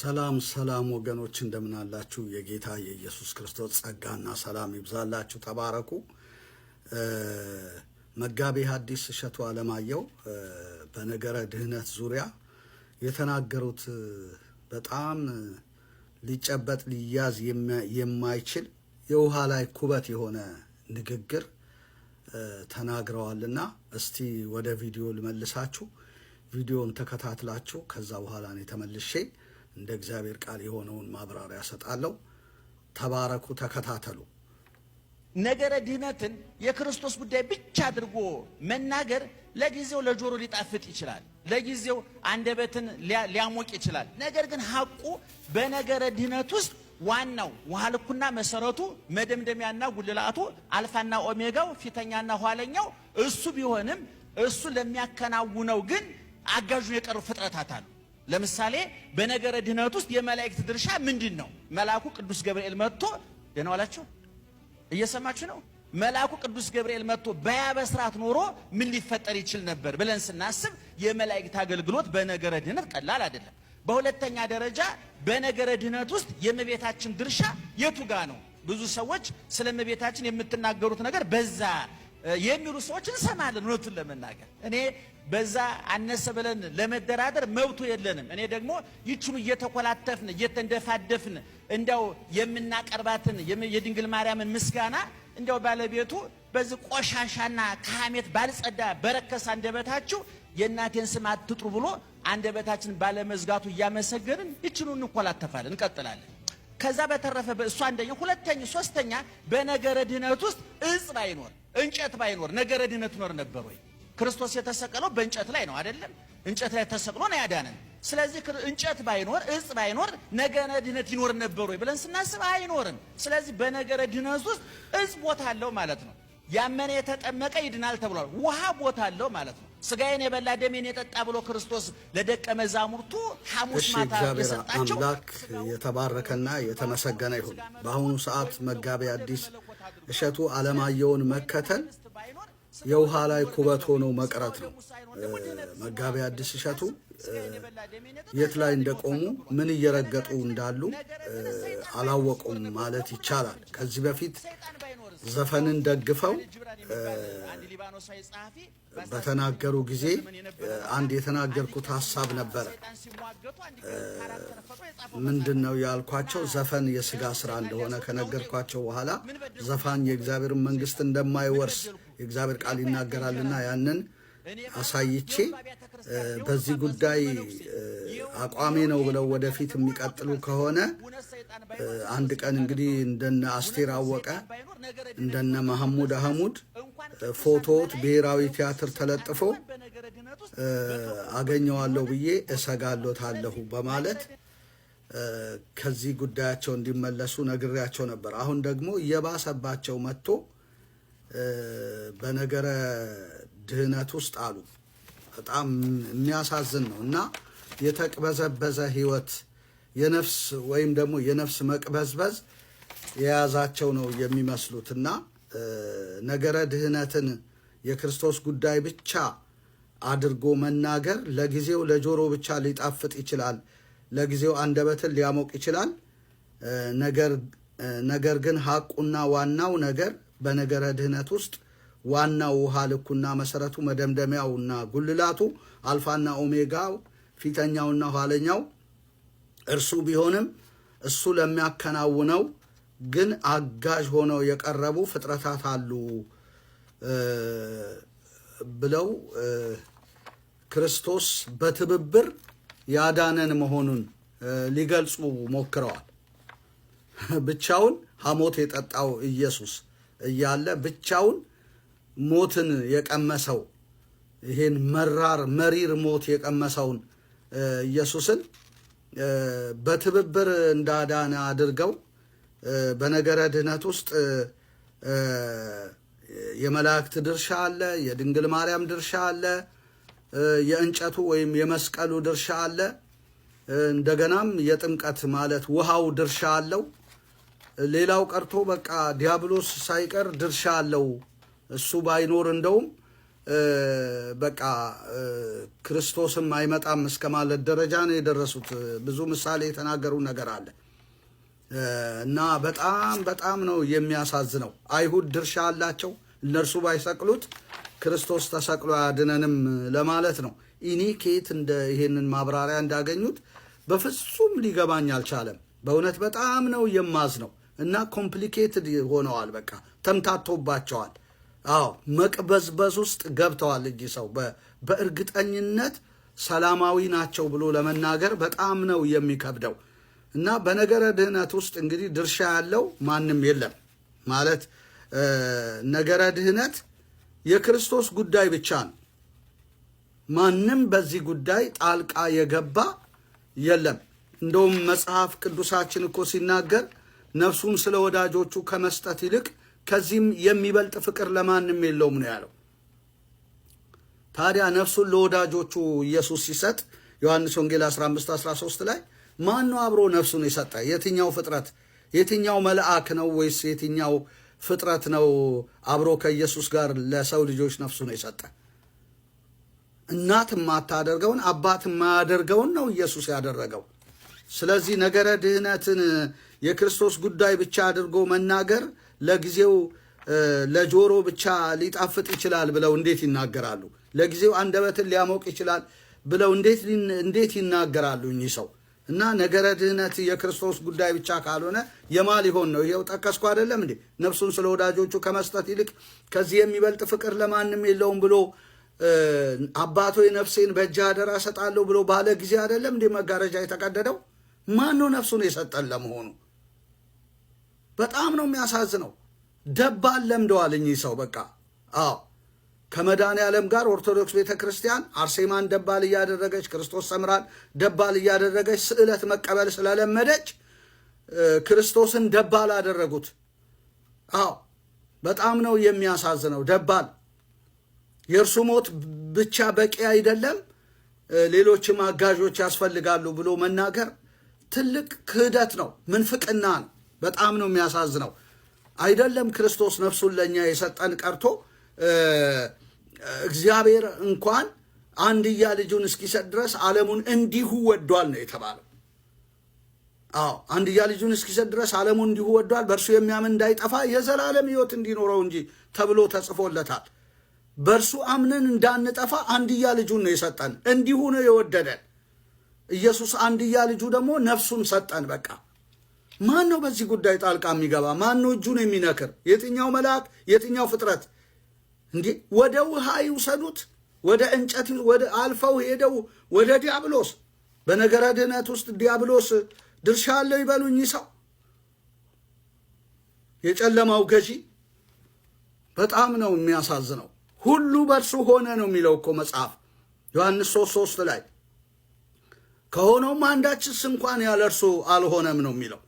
ሰላም ሰላም ወገኖች እንደምን አላችሁ? የጌታ የኢየሱስ ክርስቶስ ጸጋና ሰላም ይብዛላችሁ። ተባረኩ። መጋቤ ሐዲስ እሸቱ አለማየው በነገረ ድህነት ዙሪያ የተናገሩት በጣም ሊጨበጥ ሊያዝ የማይችል የውሃ ላይ ኩበት የሆነ ንግግር ተናግረዋልና እስቲ ወደ ቪዲዮ ልመልሳችሁ። ቪዲዮን ተከታትላችሁ ከዛ በኋላ ነው ተመልሼ እንደ እግዚአብሔር ቃል የሆነውን ማብራሪያ ሰጣለሁ። ተባረኩ፣ ተከታተሉ። ነገረ ድህነትን የክርስቶስ ጉዳይ ብቻ አድርጎ መናገር ለጊዜው ለጆሮ ሊጣፍጥ ይችላል፣ ለጊዜው አንደበትን ሊያሞቅ ይችላል። ነገር ግን ሐቁ በነገረ ድህነት ውስጥ ዋናው ዋልኩና መሰረቱ መደምደሚያና ጉልላቱ አልፋና ኦሜጋው ፊተኛና ኋለኛው እሱ ቢሆንም እሱ ለሚያከናውነው ግን አጋዡን የቀሩ ፍጥረታት አሉ። ለምሳሌ በነገረ ድህነት ውስጥ የመላእክት ድርሻ ምንድን ነው? መልአኩ ቅዱስ ገብርኤል መጥቶ ደህና ዋላችሁ እየሰማችሁ ነው። መልአኩ ቅዱስ ገብርኤል መጥቶ በያበስራት ኖሮ ምን ሊፈጠር ይችል ነበር ብለን ስናስብ የመላእክት አገልግሎት በነገረ ድህነት ቀላል አይደለም። በሁለተኛ ደረጃ በነገረ ድህነት ውስጥ የእመቤታችን ድርሻ የቱ ጋ ነው? ብዙ ሰዎች ስለ እመቤታችን የምትናገሩት ነገር በዛ የሚሉ ሰዎች እንሰማለን። እውነቱን ለመናገር እኔ በዛ አነሰ ብለን ለመደራደር መብቱ የለንም። እኔ ደግሞ ይችኑ እየተኮላተፍን እየተንደፋደፍን እንዲያው የምናቀርባትን የድንግል ማርያምን ምስጋና እንዲያው ባለቤቱ በዚህ ቆሻሻና ከሐሜት ባልጸዳ በረከሰ አንደበታችሁ የእናቴን ስም አትጥሩ ብሎ አንደበታችን ባለመዝጋቱ እያመሰገንን ይችኑ እንኮላተፋለን፣ እንቀጥላለን። ከዛ በተረፈ እሱ አንደኛ፣ ሁለተኛ፣ ሶስተኛ በነገረ ድህነት ውስጥ እጽ ባይኖር እንጨት ባይኖር ነገረ ድህነት ኖር ነበር ወይ? ክርስቶስ የተሰቀለው በእንጨት ላይ ነው አይደለም? እንጨት ላይ ተሰቅሎ ነው ያዳነን። ስለዚህ እንጨት ባይኖር እጽ ባይኖር ነገረ ድህነት ይኖር ነበር ወይ ብለን ስናስብ አይኖርም። ስለዚህ በነገረ ድነት ውስጥ እጽ ቦታ አለው ማለት ነው። ያመነ የተጠመቀ ይድናል ተብሏል። ውሃ ቦታ አለው ማለት ነው። ስጋዬን የበላ ደሜን የጠጣ ብሎ ክርስቶስ ለደቀ መዛሙርቱ ሐሙስ ማታ የሰጣቸው። አምላክ የተባረከና የተመሰገነ ይሁን። በአሁኑ ሰዓት መጋቤ ሐዲስ እሸቱ ዓለማየሁን መከተል የውሃ ላይ ኩበት ሆኖ መቅረት ነው። መጋቢ ሐዲስ እሸቱ የት ላይ እንደቆሙ ምን እየረገጡ እንዳሉ አላወቁም ማለት ይቻላል። ከዚህ በፊት ዘፈንን ደግፈው በተናገሩ ጊዜ አንድ የተናገርኩት ሀሳብ ነበረ። ምንድን ነው ያልኳቸው? ዘፈን የስጋ ስራ እንደሆነ ከነገርኳቸው በኋላ ዘፋኝ የእግዚአብሔርን መንግስት እንደማይወርስ የእግዚአብሔር ቃል ይናገራልና ያንን አሳይቼ በዚህ ጉዳይ አቋሜ ነው ብለው ወደፊት የሚቀጥሉ ከሆነ አንድ ቀን እንግዲህ እንደነ አስቴር አወቀ እንደነ መሐሙድ አህሙድ ፎቶት ብሔራዊ ቲያትር ተለጥፎ አገኘዋለሁ ብዬ እሰጋሎታለሁ በማለት ከዚህ ጉዳያቸው እንዲመለሱ ነግሬያቸው ነበር። አሁን ደግሞ እየባሰባቸው መጥቶ በነገረ ድህነት ውስጥ አሉ። በጣም የሚያሳዝን ነው እና የተቅበዘበዘ ህይወት የነፍስ ወይም ደግሞ የነፍስ መቅበዝበዝ የያዛቸው ነው የሚመስሉት እና ነገረ ድህነትን የክርስቶስ ጉዳይ ብቻ አድርጎ መናገር ለጊዜው ለጆሮ ብቻ ሊጣፍጥ ይችላል፣ ለጊዜው አንደበትን ሊያሞቅ ይችላል። ነገር ግን ሀቁና ዋናው ነገር በነገረ ድህነት ውስጥ ዋናው ውሃ ልኩና መሰረቱ መደምደሚያውና ጉልላቱ አልፋና ኦሜጋው ፊተኛውና ኋለኛው እርሱ ቢሆንም እሱ ለሚያከናውነው ግን አጋዥ ሆነው የቀረቡ ፍጥረታት አሉ ብለው ክርስቶስ በትብብር ያዳነን መሆኑን ሊገልጹ ሞክረዋል። ብቻውን ሐሞት የጠጣው ኢየሱስ እያለ ብቻውን ሞትን የቀመሰው ይሄን መራር መሪር ሞት የቀመሰውን ኢየሱስን በትብብር እንዳዳነ አድርገው በነገረ ድህነት ውስጥ የመላእክት ድርሻ አለ፣ የድንግል ማርያም ድርሻ አለ፣ የእንጨቱ ወይም የመስቀሉ ድርሻ አለ። እንደገናም የጥምቀት ማለት ውሃው ድርሻ አለው። ሌላው ቀርቶ በቃ ዲያብሎስ ሳይቀር ድርሻ አለው። እሱ ባይኖር እንደውም በቃ ክርስቶስም አይመጣም እስከ ማለት ደረጃ ነው የደረሱት። ብዙ ምሳሌ የተናገሩ ነገር አለ እና በጣም በጣም ነው የሚያሳዝነው። አይሁድ ድርሻ አላቸው። እነርሱ ባይሰቅሉት ክርስቶስ ተሰቅሎ አያድነንም ለማለት ነው። እኔ ከየት እንደ ይሄንን ማብራሪያ እንዳገኙት በፍጹም ሊገባኝ አልቻለም። በእውነት በጣም ነው የማዝ ነው። እና ኮምፕሊኬትድ ሆነዋል። በቃ ተምታቶባቸዋል። አዎ መቅበዝበዝ ውስጥ ገብተዋል። እጅ ሰው በእርግጠኝነት ሰላማዊ ናቸው ብሎ ለመናገር በጣም ነው የሚከብደው። እና በነገረ ድህነት ውስጥ እንግዲህ ድርሻ ያለው ማንም የለም ማለት ነገረ ድህነት የክርስቶስ ጉዳይ ብቻ ነው። ማንም በዚህ ጉዳይ ጣልቃ የገባ የለም። እንደውም መጽሐፍ ቅዱሳችን እኮ ሲናገር ነፍሱን ስለ ወዳጆቹ ከመስጠት ይልቅ ከዚህም የሚበልጥ ፍቅር ለማንም የለውም ነው ያለው። ታዲያ ነፍሱን ለወዳጆቹ ኢየሱስ ሲሰጥ ዮሐንስ ወንጌል 15 13 ላይ ማን ነው አብሮ ነፍሱን የሰጠ? የትኛው ፍጥረት የትኛው መልአክ ነው ወይስ የትኛው ፍጥረት ነው አብሮ ከኢየሱስ ጋር ለሰው ልጆች ነፍሱን የሰጠ? እናት የማታደርገውን አባት የማያደርገውን ነው ኢየሱስ ያደረገው። ስለዚህ ነገረ ድህነትን የክርስቶስ ጉዳይ ብቻ አድርጎ መናገር ለጊዜው ለጆሮ ብቻ ሊጣፍጥ ይችላል ብለው እንዴት ይናገራሉ? ለጊዜው አንደበትን ሊያሞቅ ይችላል ብለው እንዴት ይናገራሉ እኚህ ሰው? እና ነገረ ድህነት የክርስቶስ ጉዳይ ብቻ ካልሆነ የማ ሊሆን ነው? ይኸው ጠቀስኩ አይደለም እንዴ? ነፍሱን ስለ ወዳጆቹ ከመስጠት ይልቅ ከዚህ የሚበልጥ ፍቅር ለማንም የለውም ብሎ አባቶ ነፍሴን በእጅህ አደራ እሰጣለሁ ብሎ ባለ ጊዜ አይደለም እንዴ መጋረጃ የተቀደደው? ማነው ነፍሱን የሰጠን ለመሆኑ? በጣም ነው የሚያሳዝነው። ደባል ለምደዋል እኚህ ሰው በቃ። አዎ ከመድኃኔ ዓለም ጋር ኦርቶዶክስ ቤተ ክርስቲያን አርሴማን ደባል እያደረገች ክርስቶስ ሰምራን ደባል እያደረገች ስዕለት መቀበል ስለለመደች ክርስቶስን ደባል አደረጉት። አዎ በጣም ነው የሚያሳዝነው። ደባል የእርሱ ሞት ብቻ በቂ አይደለም፣ ሌሎችም አጋዦች ያስፈልጋሉ ብሎ መናገር ትልቅ ክህደት ነው፣ ምንፍቅና ነው። በጣም ነው የሚያሳዝነው። አይደለም ክርስቶስ ነፍሱን ለእኛ የሰጠን ቀርቶ እግዚአብሔር እንኳን አንድያ ልጁን እስኪሰጥ ድረስ ዓለሙን እንዲሁ ወዷል ነው የተባለው። አዎ አንድያ ልጁን እስኪሰጥ ድረስ ዓለሙን እንዲሁ ወዷል፣ በእርሱ የሚያምን እንዳይጠፋ የዘላለም ሕይወት እንዲኖረው እንጂ ተብሎ ተጽፎለታል። በእርሱ አምነን እንዳንጠፋ አንድያ ልጁን ነው የሰጠን፣ እንዲሁ ነው የወደደን። ኢየሱስ አንድያ ልጁ ደግሞ ነፍሱን ሰጠን። በቃ ማን ነው በዚህ ጉዳይ ጣልቃ የሚገባ? ማን ነው እጁን የሚነክር? የትኛው መልአክ? የትኛው ፍጥረት? እንዴ ወደ ውሃ ይውሰዱት፣ ወደ እንጨት ወደ አልፈው ሄደው ወደ ዲያብሎስ። በነገረ ድህነት ውስጥ ዲያብሎስ ድርሻ አለው ይበሉኝ ሰው የጨለማው ገዢ በጣም ነው የሚያሳዝነው። ሁሉ በእርሱ ሆነ ነው የሚለው እኮ መጽሐፍ ዮሐንስ ሶስት ሶስት ላይ ከሆነውም አንዳችስ እንኳን ያለ እርሱ አልሆነም ነው የሚለው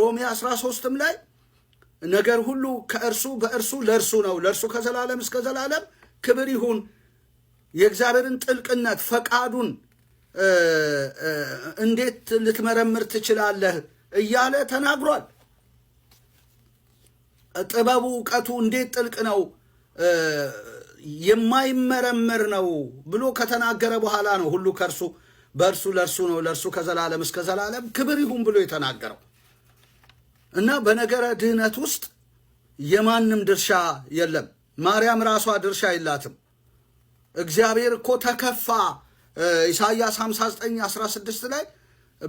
ሮሜ 13ም ላይ ነገር ሁሉ ከእርሱ በእርሱ ለእርሱ ነው፣ ለእርሱ ከዘላለም እስከ ዘላለም ክብር ይሁን። የእግዚአብሔርን ጥልቅነት ፈቃዱን እንዴት ልትመረምር ትችላለህ እያለ ተናግሯል። ጥበቡ እውቀቱ እንዴት ጥልቅ ነው የማይመረመር ነው ብሎ ከተናገረ በኋላ ነው ሁሉ ከእርሱ በእርሱ ለእርሱ ነው ለእርሱ ከዘላለም እስከ ዘላለም ክብር ይሁን ብሎ የተናገረው እና በነገረ ድህነት ውስጥ የማንም ድርሻ የለም። ማርያም ራሷ ድርሻ የላትም። እግዚአብሔር እኮ ተከፋ። ኢሳይያስ 59 16 ላይ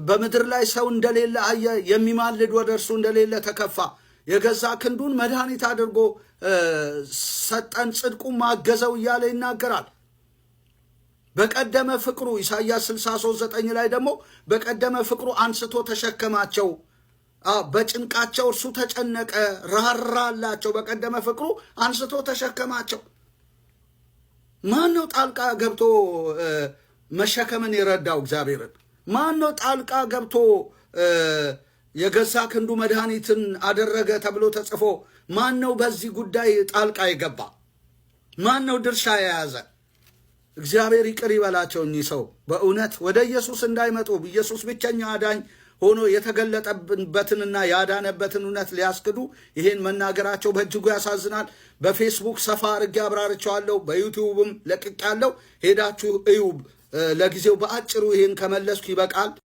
በምድር ላይ ሰው እንደሌለ አየ፣ የሚማልድ ወደ እርሱ እንደሌለ ተከፋ። የገዛ ክንዱን መድኃኒት አድርጎ ሰጠን፣ ጽድቁ ማገዘው እያለ ይናገራል። በቀደመ ፍቅሩ ኢሳያስ 63 ዘጠኝ ላይ ደግሞ በቀደመ ፍቅሩ አንስቶ ተሸከማቸው፣ በጭንቃቸው እርሱ ተጨነቀ፣ ራራላቸው። በቀደመ ፍቅሩ አንስቶ ተሸከማቸው። ማን ነው ጣልቃ ገብቶ መሸከምን የረዳው? እግዚአብሔርን ማን ነው ጣልቃ ገብቶ የገዛ ክንዱ መድኃኒትን አደረገ ተብሎ ተጽፎ ማን ነው በዚህ ጉዳይ ጣልቃ የገባ? ማን ነው ድርሻ የያዘ? እግዚአብሔር ይቅር ይበላቸው እኚህ ሰው በእውነት ወደ ኢየሱስ እንዳይመጡ ኢየሱስ ብቸኛ አዳኝ ሆኖ የተገለጠበትንና ያዳነበትን እውነት ሊያስክዱ ይህን መናገራቸው በእጅጉ ያሳዝናል። በፌስቡክ ሰፋ አርጌ አብራርቸዋለሁ፣ በዩቲዩብም ለቅቄያለሁ። ሄዳችሁ እዩ። ለጊዜው በአጭሩ ይህን ከመለስኩ ይበቃል።